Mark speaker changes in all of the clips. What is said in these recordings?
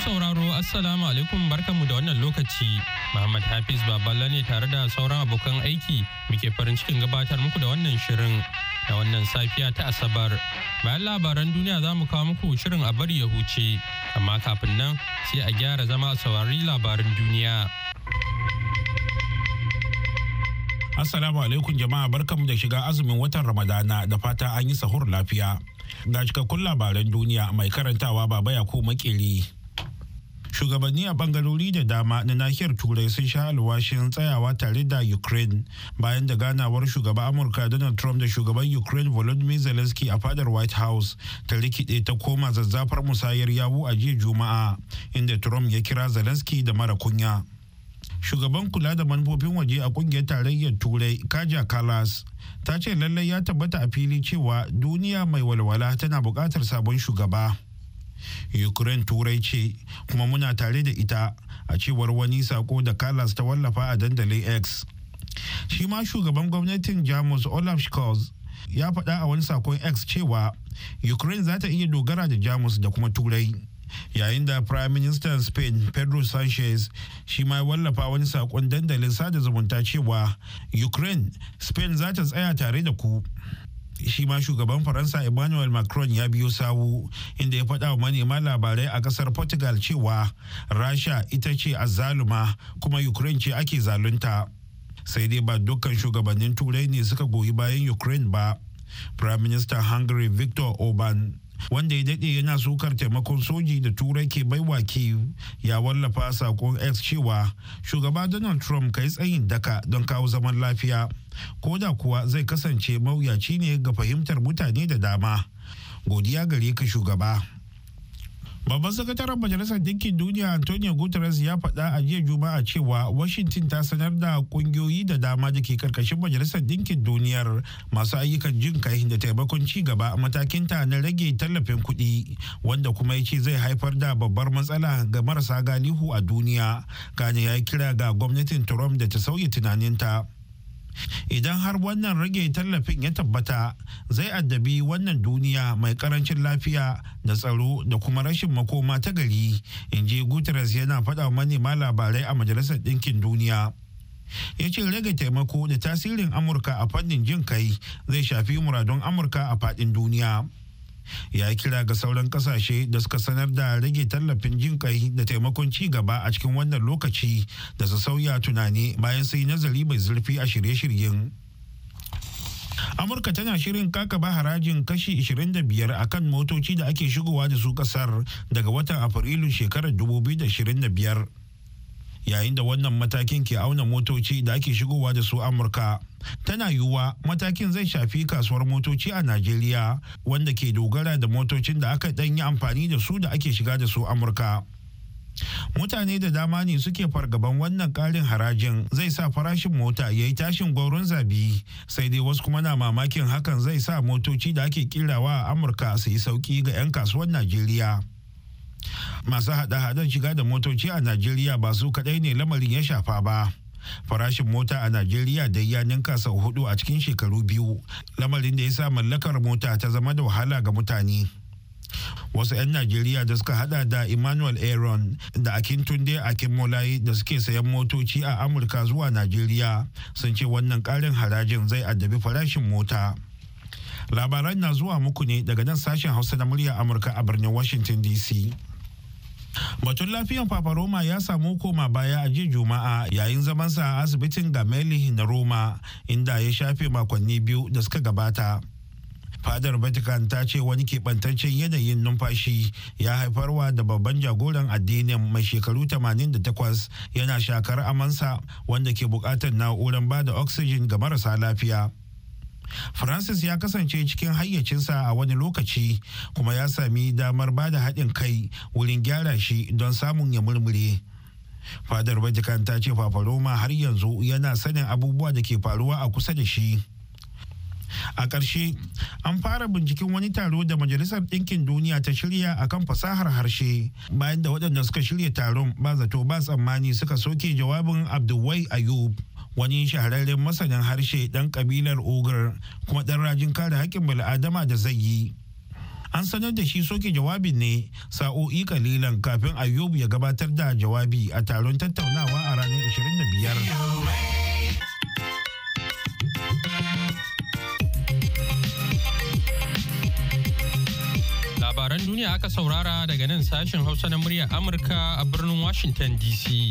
Speaker 1: sauraro Assalamu alaikum barkanmu da wannan lokaci. Muhammad Hafiz Baballa ne tare da sauran abokan aiki muke farin cikin gabatar muku da wannan shirin da wannan safiya ta Asabar. Bayan labaran duniya za mu kawo muku shirin a bari ya huce, amma kafin nan sai a gyara zama a saurari labaran duniya. Assalamu
Speaker 2: alaikum jama'a barkanmu da shiga azumin watan Ramadana da fata an yi sahur lafiya. Ga cikakkun labaran duniya mai karantawa baba ya ko shugabanni a bangarori da dama na nahiyar turai sun sha alwashin tsayawa tare da ukraine bayan da ganawar shugaba amurka donald trump da shugaban ukraine volodymyr zelensky a fadar white house ta rikide ta koma zazzafar musayar yawu a jiya juma'a inda trump ya kira zelensky da mara kunya shugaban kula da manufofin waje a kungiyar tarayyar turai kaja kalas ta ce lallai ya tabbata a fili cewa duniya mai walwala tana bukatar sabon shugaba ukraine turai ce kuma muna tare da ita a cewar wani sako da kalas ta wallafa a dandalin x shi ma shugaban gwamnatin jamus olaf scholz ya faɗa a wani sakon x cewa ukraine za ta iya dogara da jamus da kuma turai yayin da prime minister spain pedro sanchez shi ma wallafa wani sakon dandalin sada zumunta cewa ukraine spain za ta tsaya tare da ku shi ma shugaban faransa emmanuel macron ya biyo sawu inda ya faɗa wa manema labarai a ƙasar portugal cewa rasha ita ce azzaluma kuma ukraine ce ake zalunta sai dai ba dukkan shugabannin turai ne suka goyi bayan ukraine ba prime minister hungary victor orban wanda ya daɗe yana sukar taimakon soji da turai ke baiwa kiev ya wallafa sakon x cewa shugaba donald trump ka yi tsayin daka don kawo zaman lafiya ko da kuwa zai kasance mawuyaci ne ga fahimtar mutane da dama godiya gare ka shugaba Babban sakataren Majalisar Dinkin Duniya Antonio Guterres ya faɗa a jiya Juma'a cewa Washington ta sanar da ƙungiyoyi da dama da ke karkashin Majalisar Dinkin Duniyar masu ayyukan jin kai da taimakon ci gaba a matakin ta na rage tallafin kuɗi wanda kuma ya ce zai haifar da babbar matsala ga marasa galihu a duniya. Kanye ya kira ga gwamnatin Trump da ta sauya tunaninta. idan har wannan rage tallafin ya tabbata zai addabi wannan duniya mai karancin lafiya da tsaro da kuma rashin makoma ta gari in ji guterres yana faɗa manema labarai a majalisar ɗinkin duniya ya ce rage taimako da tasirin amurka a fannin jin kai zai shafi muradun amurka a faɗin duniya ya kira ga sauran kasashe da suka sanar da rage tallafin jin kai da taimakon ci gaba a cikin wannan lokaci da su sauya tunani bayan sai nazari mai zurfi a shirye-shiryen amurka tana shirin kakaba harajin kashi 25 a kan motoci da ake shigowa da su kasar daga watan Afrilu shekarar 2025 yayin da wannan matakin ke auna motoci da ake shigowa da su amurka tana yiwuwa matakin zai shafi kasuwar motoci a najeriya wanda ke dogara da motocin da aka ɗan yi amfani da su da ake shiga da su amurka mutane da dama ne suke fargaban wannan ƙarin harajin zai sa farashin mota ya yi tashin gwauron zabi sai dai wasu kuma na mamakin hakan zai sa motoci da ake kirawa a amurka su yi sauki ga 'yan kasuwar najeriya masu hada-hadar shiga da motoci a najeriya ba su kadai ne lamarin ya shafa ba farashin mota a najeriya da ya ninka sau hudu a cikin shekaru biyu lamarin da ya sa mallakar mota ta zama da wahala ga mutane wasu 'yan najeriya da suka hada da emmanuel aaron da akin akin molayi da suke sayan motoci a amurka zuwa najeriya sun ce wannan karin harajin zai addabi farashin mota labaran na zuwa muku ne daga nan sashen hausa na murya amurka a birnin washington dc Batun lafiyan Papa Roma ya samu koma baya a jiya Juma'a yayin zamansa a asibitin Gameli na Roma inda ya shafe makonni biyu da suka gabata. Fadar Vatican ta ce wani keɓantaccen yanayin numfashi ya haifarwa da babban jagoran addinin mai shekaru 88 yana shakar amansa wanda ke buƙatar na'urar ba da oxygen ga marasa lafiya. francis ya kasance cikin hayyacinsa a wani lokaci kuma ya sami damar ba da haɗin kai wurin gyara shi don samun ya murmure fadar vatican ta ce fafaroma har yanzu yana sanin abubuwa da ke faruwa a kusa da shi a ƙarshe an fara binciken wani taro da majalisar ɗinkin duniya ta shirya akan fasahar harshe bayan da waɗanda suka shirya taron ba zato ba tsammani suka soke jawabin abdulwai ayub wani shahararren masanin harshe dan kabilar ogar kuma ɗan rajin kare haƙƙin bal'adama da zai yi an sanar da shi soke jawabin ne sa'o'i kalilan kafin ayyubu ya gabatar da jawabi a taron tattaunawa a ranar
Speaker 1: 25 labaran duniya aka saurara daga nan sashen hausa na muryar amurka a birnin washington dc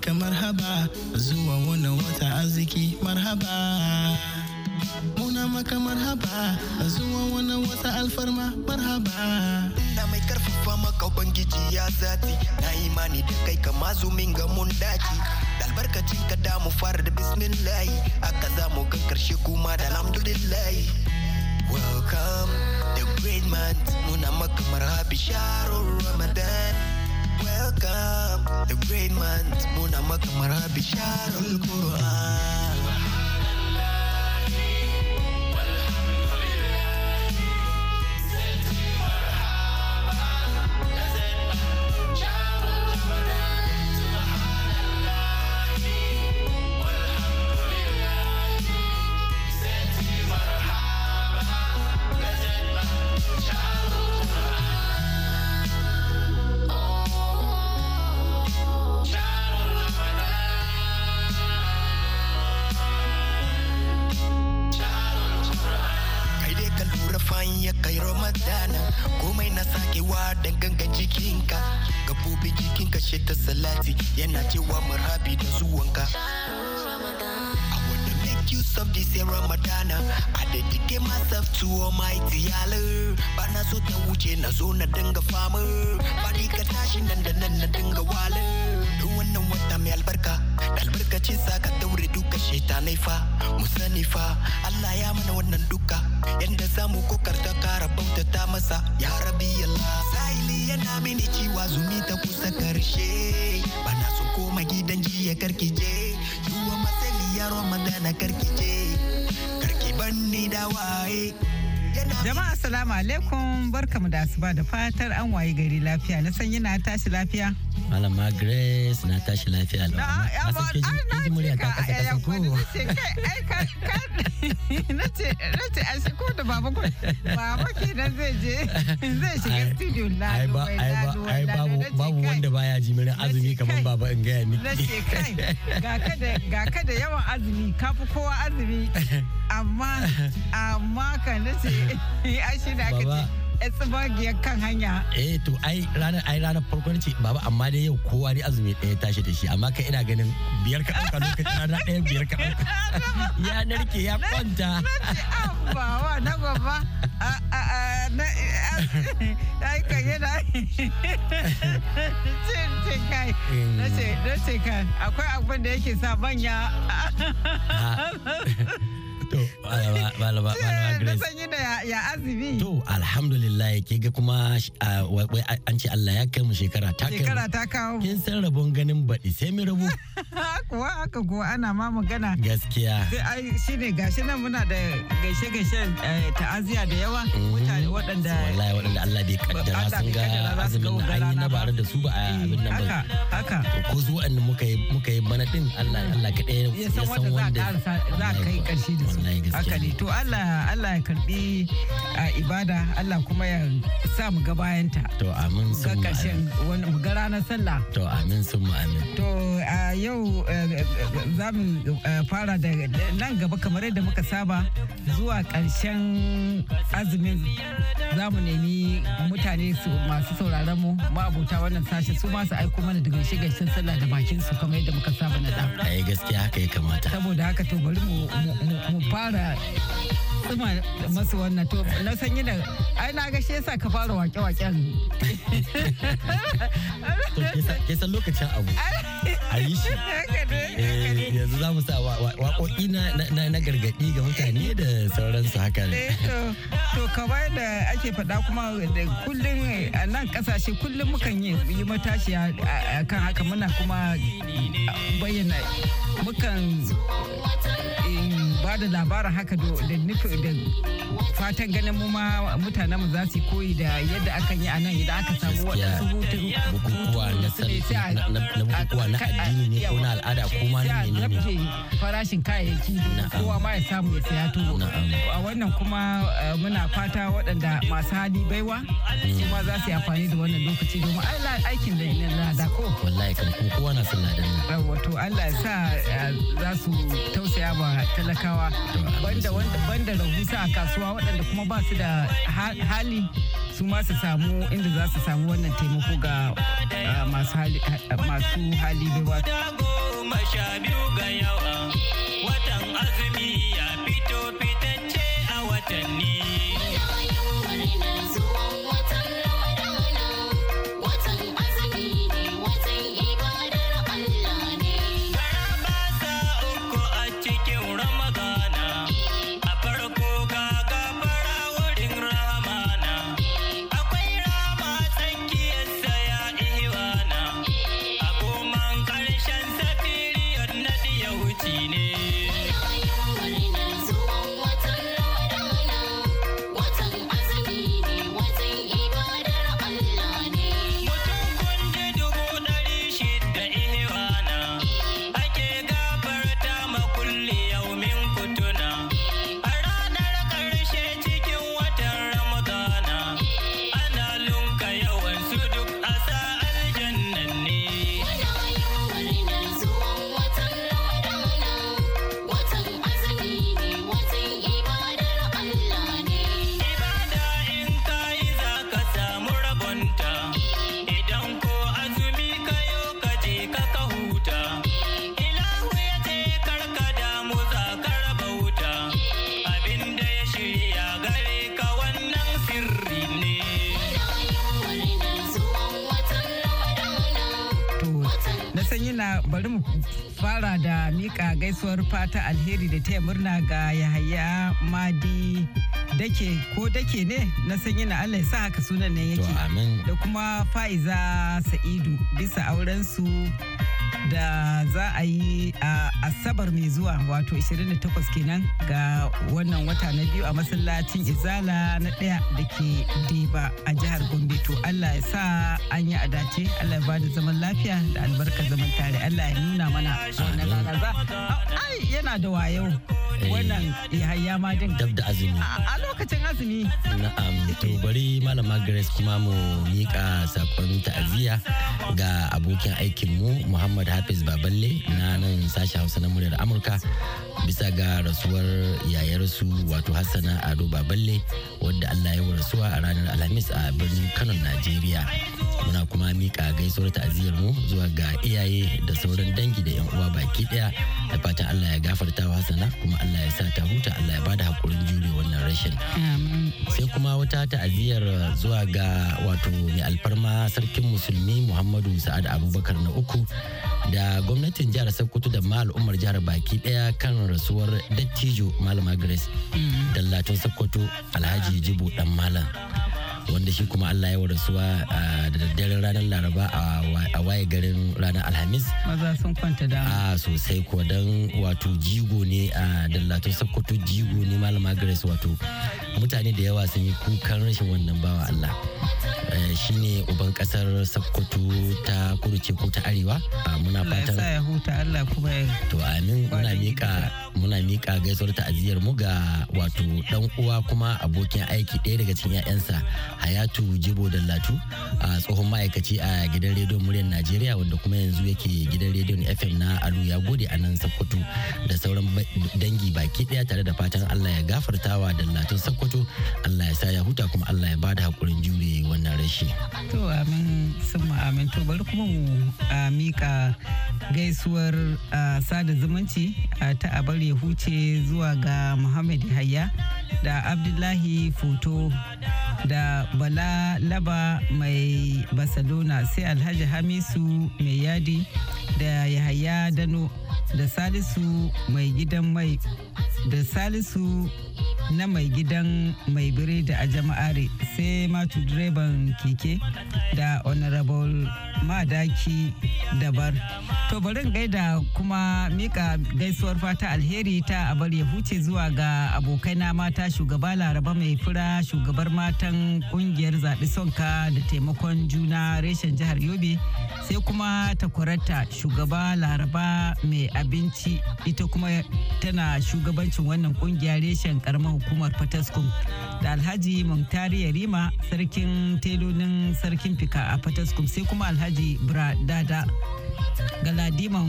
Speaker 3: maka marhaba zuwa wannan wata arziki marhaba muna maka marhaba zuwa wannan wata alfarma marhaba na mai karfafa maka bangiji ya zati na imani da kai kama zumin ga mun daki albarkacin ka da mu fara da bismillahi aka za mu ga karshe kuma da alhamdulillahi welcome the great man muna maka marhaba sharon ramadan welcome. The great man, Muna Makamara Bisharul Quran. ta salati yana cewa marhabi da zuwanka use of this year Ramadana. I dedicate myself to Almighty Allah. na so ta wuce na zo na dinga fama. Bari ka tashi nan da nan na dinga wala. Duk wannan wata mai albarka, albarkacin sa ka daure duka shaitanai fa. Mu sani fa, Allah ya mana wannan duka. Yanda zamu kokarta kara bautata masa. Ya Rabbi Allah. yana mini ciwa zumi ta kusa karshe bana su koma gidan jiya karkije yiwa masali yaro magana karkije karki banni da waye
Speaker 4: jama'a assalamu alaikum barkamu da asuba da fatar an waye gari lafiya na san yana tashi lafiya
Speaker 5: Malama Grace na tashi lafiya lau. Na ce
Speaker 4: kin ji murya ta kasa eh, Na ce na ce a shi ko da baba ko baba kenan zai je zai shiga studio na duba na duba. Ai babu
Speaker 5: babu wanda baya ji murya azumi kamar baba in gaya miki.
Speaker 4: Na ce kai ga ka da yawan azumi ka fi kowa azumi amma amma kan na ce ai shi da ka ce. tsibagiyar kan hanya
Speaker 5: eh to ai ranar ai ranar farko ce baba amma dai yau kowa ne azumi ɗaya tashi da shi amma kai ina ganin biyar ka ɗauka lokacin
Speaker 4: rana ɗaya biyar ka ɗauka ya narke ya kwanta wa na gaba ai kan yana cin cin kai mm. na ce akwai abin da yake sa manya
Speaker 5: To, malama, malama, eh, Grace.
Speaker 4: ya azumi. To,
Speaker 5: alhamdulillah ke ga kuma an ce Allah ya kai mu
Speaker 4: shekara ta kai. Shekara ta kawo. Kin san rabon ganin baɗi sai mu rabu. Kuwa haka ana ma magana. Gaskiya. Ai shi gashi nan muna da gaishe-gaishen eh, ta'aziya da yawa. Mm. Mutane waɗanda. Wallahi waɗanda
Speaker 5: Allah bai kaddara sun ga azumin na an yi na bare da su ba a eh, abin nan ba. Haka. Ko su waɗanda muka yi mana Allah Ya san wanda za kai
Speaker 4: da su. wallahi gaskiya haka ne to Allah Allah ya karbi ibada Allah kuma ya sa mu ga bayanta to amin sun ga kashin wani ga ranar sallah to amin sun mu amin to yau za mu fara da nan gaba kamar yadda muka saba zuwa karshen azumin za mu nemi mutane su masu sauraron mu ma abota wannan sashe su ma su aiko mana daga gaishe sallah da bakin su kamar yadda muka saba na da
Speaker 5: ai gaskiya haka ya
Speaker 4: kamata saboda haka to bari mu fara tsima masu wannan to na san yi da ai na ga yasa ka fara wake-waken
Speaker 5: ke san lokacin abu
Speaker 4: a yi shi eh,
Speaker 5: yanzu za mu sa waƙoƙi na gargaɗi ga mutane da sauransu haka ne eh,
Speaker 4: to kamar da ake faɗa kuma da kullum a nan ƙasashe kullum mukan yi matashi kan haka muna kuma bayyana mukan eh, ba da labarin haka da fatan ganin mu ma mutanen mu za su koyi da yadda akan yi a nan idan aka samu waɗansu hutun
Speaker 1: bukukuwa na bukukuwa na addini ne ko na al'ada ko ma ne ne ne
Speaker 4: farashin kayayyaki kowa ma ya samu ya saya to a wannan kuma eh, muna fata waɗanda masu hali baiwa mm. su ma za su yi amfani da wannan lokaci domin aikin da ina lada ko wallahi kan kowa na sun ladan wato Allah ya sa eh, za su tausaya ba talakawa banda wanda banda rahusa a kasuwa waɗanda kuma ba su da hali su ma su samu inda za su samu wannan taimako ga ah, masu hali ah, bai wata. jamila bari mu fara da mika gaisuwar fata alheri da taya murna ga yahaya madi dake ko dake ne na san yana allah ya sa haka sunan nan yake da kuma fa'iza sa'idu bisa aurensu da za a yi a asabar mai zuwa wato 28 kenan ga wannan wata na biyu a masallacin izala na daya da ke deba a jihar gombe to allah ya sa an yi adace allah ya bada zaman lafiya da albarkar zaman tare allah ya nuna mana ai yana da wayo eh, wannan ya ma din dab da azumi a lokacin azumi
Speaker 5: na'am to bari malama grace kuma mu mika sakon ta'aziyya ga abokin aikin mu muhammad hafiz baballe na nan sashi hausa na muryar amurka bisa ga rasuwar yayarsu wato hassana ado baballe wadda allah ya rasuwa a ranar alhamis a birnin kano najeriya muna kuma mika gaisuwar ta'aziyar mu zuwa ga iyaye da sauran dangi da yan uwa baki daya da fatan allah ya gafarta wa hassana kuma allah ya sa ta huta allah ya bada hakurin jure wannan rashin sai kuma wata ta'aziyar zuwa ga wato mai alfarma sarkin musulmi muhammadu sa'ad abubakar na uku da gwamnatin jihar sokoto da ma al'ummar jihar baki daya kan rasuwar dattijo malama grace mm. dallatin sokoto alhaji jibo dan malam wanda shi kuma Allah ya wa rasuwa da daddaren ranar Laraba a waye garin ranar Alhamis. Maza sun kwanta dama. A sosai ko don wato jigo ne a dallatun Sokoto jigo ne malama Grace wato mutane da yawa sun yi kukan rashin wannan bawa Allah. Shi ne uban kasar Sokoto ta kudu ce ko ta arewa. Muna fatan. Allah ya huta Allah kuma ya. To amin muna mika muna mika gaisuwar ta'aziyar mu ga wato dan uwa kuma abokin aiki ɗaya daga cikin 'ya'yansa hayatu jibo dallatu a tsohon ma'aikaci a gidan rediyon muryar najeriya wanda kuma yanzu yake gidan rediyon fm na alu ya gode a nan sokoto da sauran dangi baki daya tare da fatan allah ya gafartawa dallatun sokoto allah ya sa ya huta kuma allah ya ba da hakurin jure wannan rashi
Speaker 4: to amin sun bari kuma mu mika gaisuwar sada zumunci ta abar ya huce zuwa ga muhammad hayya da abdullahi foto da bala laba mai barcelona sai alhaji hamisu mai yadi da yahaya dano da salisu mai gidan mai da salisu na mai gidan mai biredi a jama'are sai matu direban keke da honorable madaki dabar to barin gaida kuma mika gaisuwar fata alheri ta abar ya huce zuwa ga abokai na mata shugaba laraba mai fura shugabar matan kungiyar zaɓi sonka da taimakon juna reshen jihar yobe sai kuma takwarata shugaba laraba mai abinci ita kuma tana shugaba shugabancin wannan kungiya reshen karamar hukumar fataskum da alhaji mumtari yarima sarkin telonin sarkin fika a fataskum sai kuma alhaji bradada galadiman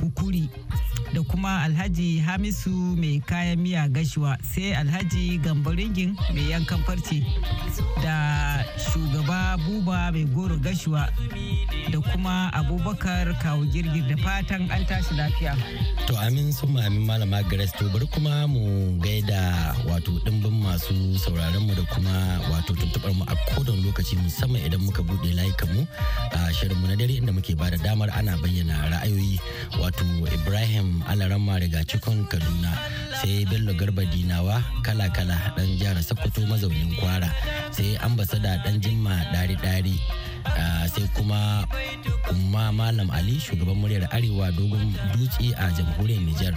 Speaker 4: hukuri da kuma alhaji hamisu mai kayan miya gashuwa sai alhaji gambaringin mai yankan farce da shugaba buba mai goro gashuwa da kuma abubakar kawo girgir da fatan an tashi lafiya to
Speaker 5: amin sun amin malama gares to bari kuma mu gaida wato dimbin masu sauraron mu da kuma wato tuntubar mu a kodon lokaci musamman idan muka bude layukan mu a shirin mu na dare inda muke bada damar ana bayyana ra'ayoyi wato ibrahim alaran daga cikon kaduna sai bello garba dinawa kala-kala dan jihar sokoto mazaunin kwara sai ambasada dan jimma dari-dari sai kuma umma malam ali shugaban muryar arewa dogon dutse a jamhuriyar nijar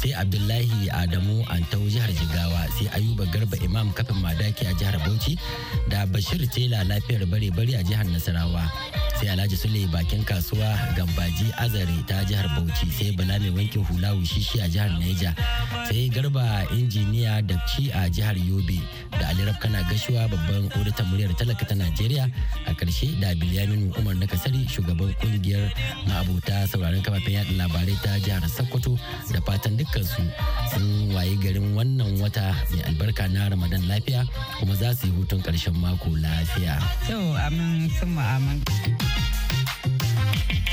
Speaker 5: sai abdullahi adamu antau jihar jigawa sai ayuba garba imam kafin madaki a jihar bauchi da bashir tela lafiyar bare-bare a jihar nasarawa sai alhaji sule bakin kasuwa gambaji azari ta jihar bauchi sai bala mai wankin hula wushishi a jihar neja sai garba injiniya dabci a jihar yobe da ali rafkana gashuwa babban auditan muryar talaka ta najeriya a karshe da bilyamin umar na kasari shugaban kungiyar ma'abota sauraron kafafen yada labarai ta jihar sokoto da fatan su sun waye garin wannan wata mai albarka na ramadan lafiya kuma za su yi hutun karshen mako lafiya.
Speaker 4: Yau amin sun Thank you.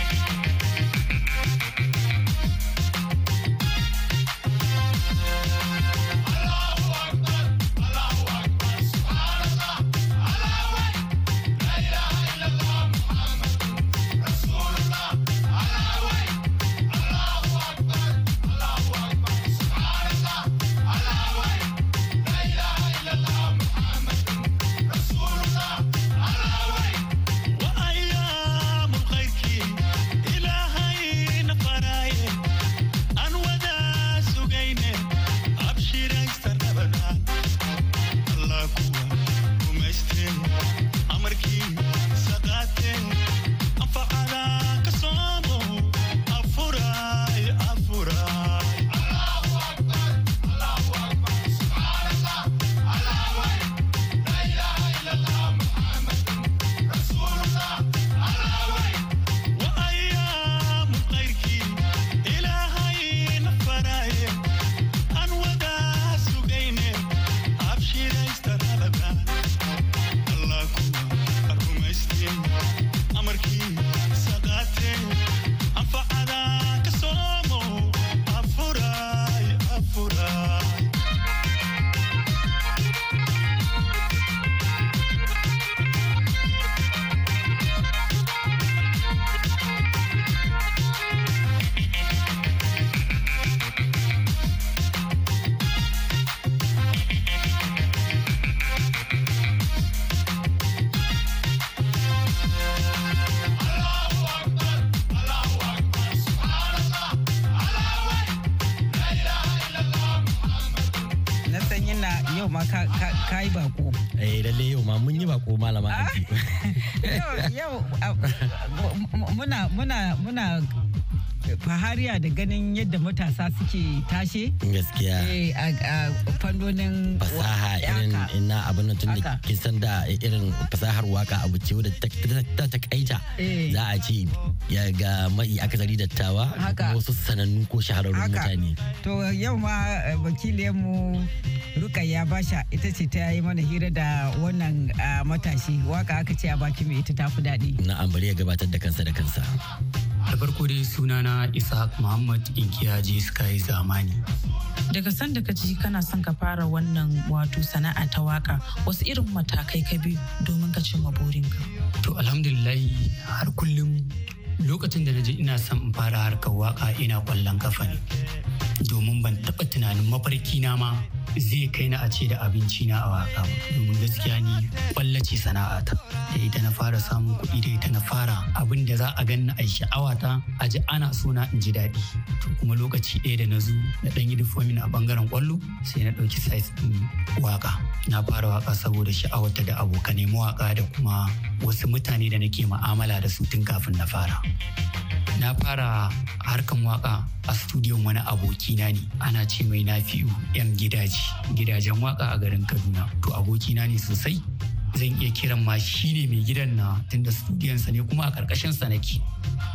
Speaker 4: yau ma ka yi bako. Eh lalle yau ma mun yi bako malama ah! Yau ah, muna muna muna fahariya da ganin yadda matasa suke tashe gaskiya eh, a fannonin fasaha irin
Speaker 5: ina abin tun da san da irin fasahar waka abu ce wadda ta takaita eh. za a ce ya ga mai akasari dattawa wasu sanannu ko shahararrun mutane
Speaker 4: to yau ma eh, ruka ya basha ita ce ta yi mana hira da wannan ah, matashi waka aka ce a baki mai ita ta fi daɗi na'am
Speaker 6: bari ya gabatar da kansa da kansa da farko dai sunana ishaq muhammad ji sky zamani
Speaker 4: daga sanda ka ji kana son ka fara wannan wato sana'a ta waka wasu irin matakai ka bi domin ka cimma burinka
Speaker 6: to alhamdulillahi har kullum lokacin da na ji ina son in fara harkar waka ina kwallon kafa ne domin ban taɓa tunanin mafarki na ma zai kai na a ce da abinci na a waka domin gaskiya ni ƙwallo ce ta. da ita na fara samun kuɗi da ita na fara abin da za a na a sha'awa ta a ji ana so na in ji daɗi to kuma lokaci ɗaya da na zo na ɗan yi difomin a bangaren kwallo sai na ɗauki size ɗin waka na fara waka saboda ta da abokanai mawaka da kuma wasu mutane da nake ma'amala da su tun kafin na fara na fara harkan waka a studiyon wani abokina ne ana ce mai nafi'u yan gidaje gidajen waka a garin kaduna to abokina ne sosai zan iya kiran ma shi ne mai gidan na tunda studiyansa ne kuma a karkashin sa nake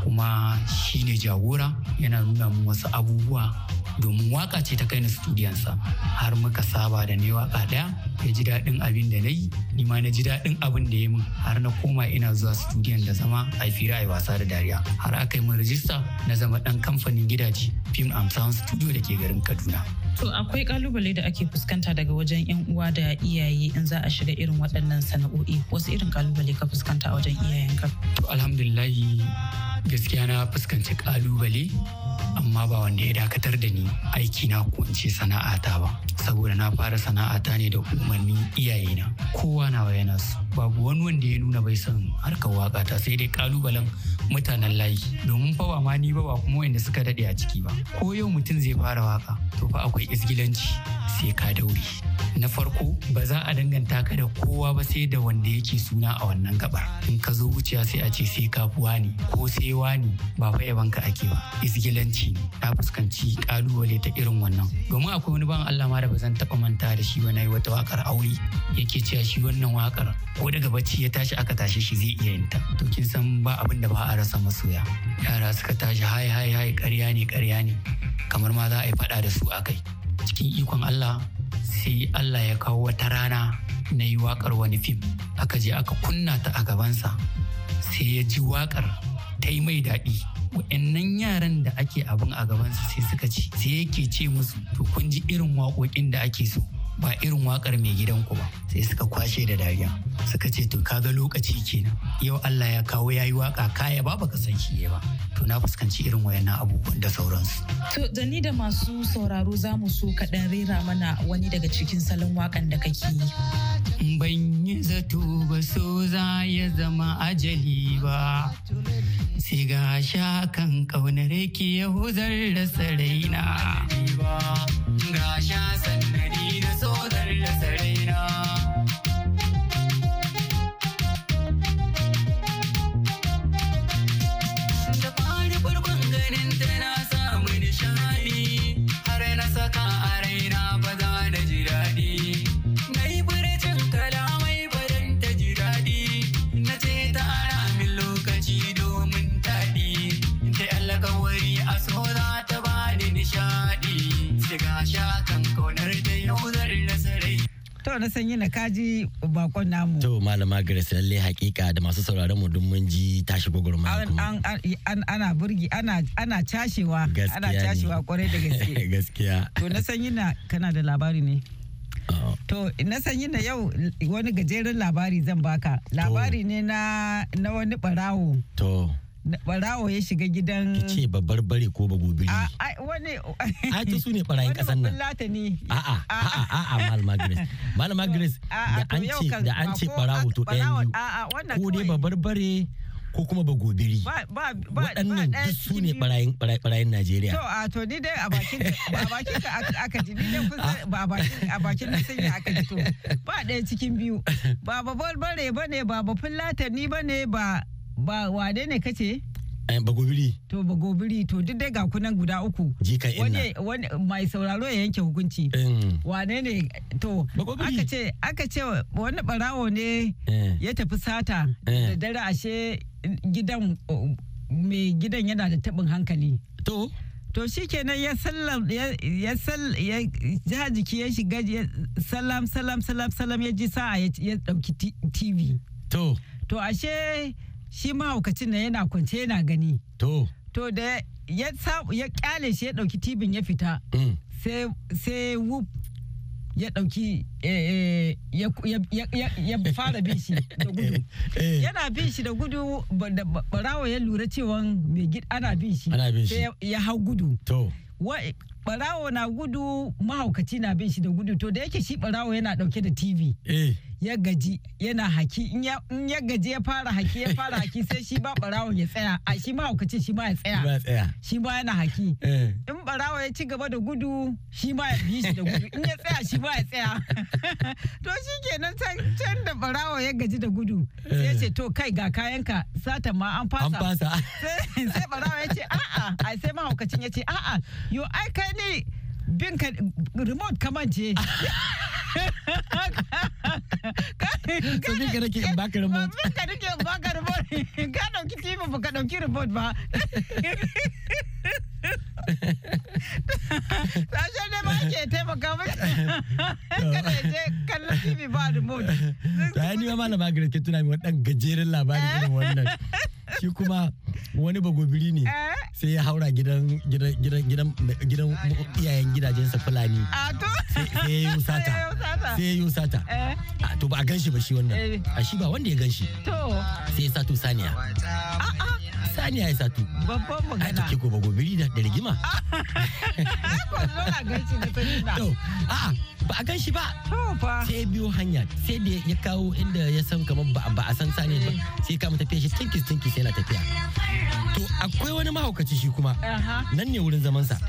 Speaker 6: kuma shi ne jagora yana nuna min wasu abubuwa domin waka ce ta kai ni studiyansa har muka saba da ne waka daya ya ji daɗin abin da na yi ni ma na ji daɗin abin da ya min har na koma ina zuwa studiyan da zama a fira a wasa da dariya har aka yi min rajista na zama ɗan kamfanin gidaje Fim and Sound Studio da ke garin Kaduna.
Speaker 4: To akwai kalubale da ake fuskanta daga wajen 'yan uwa da iyaye in za a shiga irin waɗannan sana'o'i wasu irin kalubale ka fuskanta a wajen iyayenka?
Speaker 6: To alhamdulillahi gaskiya na fuskanci kalubale amma ba wanda ya dakatar da ni aiki na kunce sana'ata ba saboda na fara sana'ata ne da umarnin na. kowa na yana su babu wani wanda ya nuna bai san harkar waka ta sai dai kalubalen mutanen layi domin fa ba ma ni ba ba kuma wanda suka dade a ciki ba ko yau mutum zai fara waka to fa akwai isgilanci sai ka daure na farko ba za a danganta ka da kowa ba sai da wanda yake suna a wannan gabar in ka zo wuciya sai a ce sai kafuwa ne ko sai wani ba fa ka ake ba izgilanci ne ta fuskanci kalubale ta irin wannan domin akwai wani ban Allah ma da ba zan taba manta da shi ba nayi wata wakar aure yake cewa shi wannan wakar ko daga bacci ya tashi aka tashi shi zai iya yin ta to kin san ba abin da ba a rasa masoya yara suka tashi hai hai hai karya ne karya ne kamar ma za a yi faɗa da su a kai cikin ikon Allah sai Allah ya kawo wata rana na yi waƙar wani fim aka je aka kunna ta a gabansa sai ya ji waƙar ta yi mai daɗi wa'annan yaran da ake abin a gabansa sai suka ce sai yake ce musu to kun ji irin waƙoƙin da ake so ba irin wakar mai gidanku ba sai suka kwashe da dariya suka ce to kaga lokaci kenan yau Allah ya kawo yayi waka kaya ba baka san shi ba to na fuskanci irin wayannan abubuwan da sauransu
Speaker 4: to da da masu sauraro za mu so kaɗan rera mana wani daga cikin salon wakan da kake
Speaker 6: yi ban yi zato ba so za ya zama ajali ba sai ga shakan kaunar ki ya huzar da saraina
Speaker 4: To na sanyi na
Speaker 5: kaji bakon namu. To malama Grace lalle hakika da masu sauraron mu duk mun ji tashi
Speaker 4: gogorma kuma. ana burgi ana ana cashewa ana cashewa kwarai da gaske.
Speaker 5: Gaskiya.
Speaker 4: To na sanyi na kana da labari ne. Oh. To na sanyi na yau wani gajeren labari zan baka. Labari ne na na wani barawo. To. barawo ya shiga gidan ki ce
Speaker 5: babbar bare ko babu biri wani ai to su ne barayin kasan nan
Speaker 4: lata a
Speaker 5: a a a a malama grace malama grace da an ce da an ce barawo to ɗayan biyu ko dai babbar bare ko kuma ba gobiri
Speaker 4: waɗannan duk su ne barayin Najeriya. To a to ni dai a bakin ka aka ji ni dai kusa ba a bakin na sanya aka ji to ba ɗaya cikin biyu ba babbar bare ne ba ba fullatani bane ba ba wade ne kace eh, bagobiri to bagobiri to duk dai ga kunan guda uku jika inna wani mai sauraro ya yanke hukunci wane ne to aka ce aka ce wani barawo ne eh. ya tafi sata da eh. dare ashe gidan mai gidan yana da tabin hankali to to shikenan ya sallam ya sal ya ja jiki ya shiga salam salam salam salam ya ji sa'a ya dauki tv to to ashe shi mahaukacin na yana kwance yana gani to to da ya ya kyale shi ya dauki tibin ya fita mm. sai sai ya dauki eh, eh, ya fara bin shi da gudu eh, yana bin shi da gudu barawa ya lura cewa mai gid ana bin shi sai ya hau gudu barawo na gudu mahaukaci na bin shi da gudu to da yake shi barawo yana dauke da tv eh. ya gaji yana haki in ya gaji ya fara haki ya fara haki sai shi ba barawo ya tsaya a shi mahaukaci shi ma ya tsaya shi ma yana haki eh. in barawo ya ci gaba da gudu shi ma ya bi shi da gudu in ya tsaya shi ma ya tsaya to shi kenan can da barawo ya gaji da gudu sai ya eh. ce to kai ga kayanka sata ma an fasa sai barawo ya ce a'a sai mahaukacin ya ce a'a yo ai kai ne bin ka remote kamar je ka bin ka nake in baka remote bin ka nake in baka remote ka dauki tv ba ka dauki remote ba Sashen ne ba ke taimaka kada je kallon TV ba remote.
Speaker 5: Ta yi ni ma malama gare ke tuna mi wani gajeren labarin irin wannan. Shi kuma wani bagobiri ne eh? sai ya haura gidan gidan iyayen gidajensa fulani
Speaker 4: sai ya yi sata sai ya yi sata eh.
Speaker 5: to ba a ganshi ba shi wannan eh. a shi ba wanda ya ganshi sai ya sato saniya sani ya satu babban magana gobe gobe bagobiri da rigima to a ba a gan ba sai biyo hanya sai da ya kawo inda ya san kamar ba a san sani ba sai kama tafiya shi tinkis tinkis yana tafiya to akwai wani mahaukaci shi kuma nan ne wurin zamansa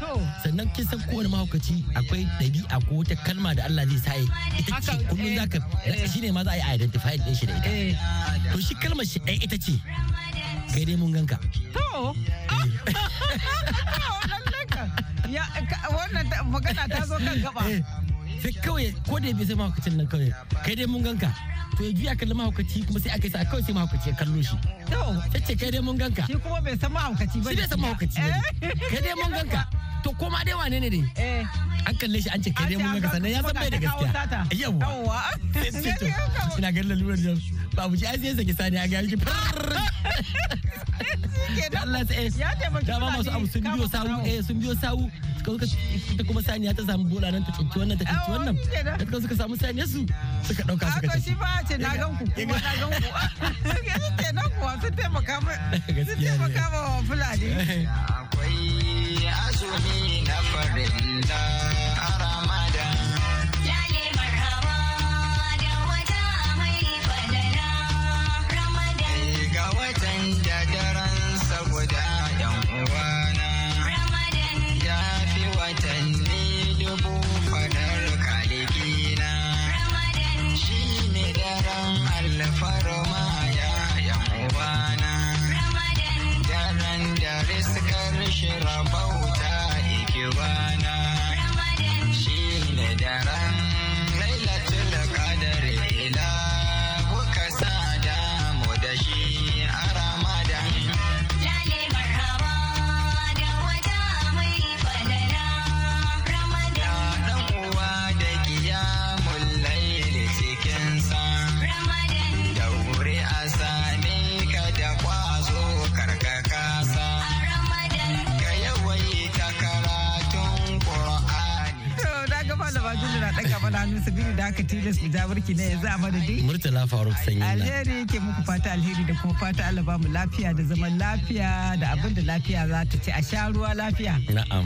Speaker 5: sannan kin san kowane mahaukaci akwai ɗabi'a ko wata kalma da Allah zai sa ita ce kullum zaka eh. shi ne ma za a yi identify din shi da ita eh. to shi kalmar shi ɗaya ita ce kai dai mun ganka to ah. oh, wannan magana ta zo kan gaba eh, sai kawai ko da bai sai mahaukacin nan kawai kai dai mun ganka to ya juya kalli mahaukaci kuma sai aka yi sa kawai sai mahaukaci ya kallo shi sai ce kai dai mun
Speaker 4: ganka shi kuma bai san mahaukaci
Speaker 5: ba shi bai san mahaukaci ba eh. kai dai mun ganka to koma dai
Speaker 3: wane ne
Speaker 4: ne eh an kalle shi an ce kai dai mun ga ya san bai da gaskiya yawa
Speaker 5: ina ganin lalurar babu shi ai sai sani a ga shi Allah eh. da ba masu abu sun sawu eh sawu suka suka kuma ta samu bola nan ta cinci wannan ta suka samu sani su suka dauka
Speaker 4: suka ci ba ce na ku kuma na gan ku taimaka fulani bala nusa biyu da aka tilas mu jabarki na yanzu a madadin.
Speaker 5: Murtala Faruk Sanyi. Alheri
Speaker 4: ke muku fata alheri da kuma fata Allah ba mu lafiya da zaman lafiya da abin da lafiya za ta ci a sha ruwa lafiya.
Speaker 7: Na'am.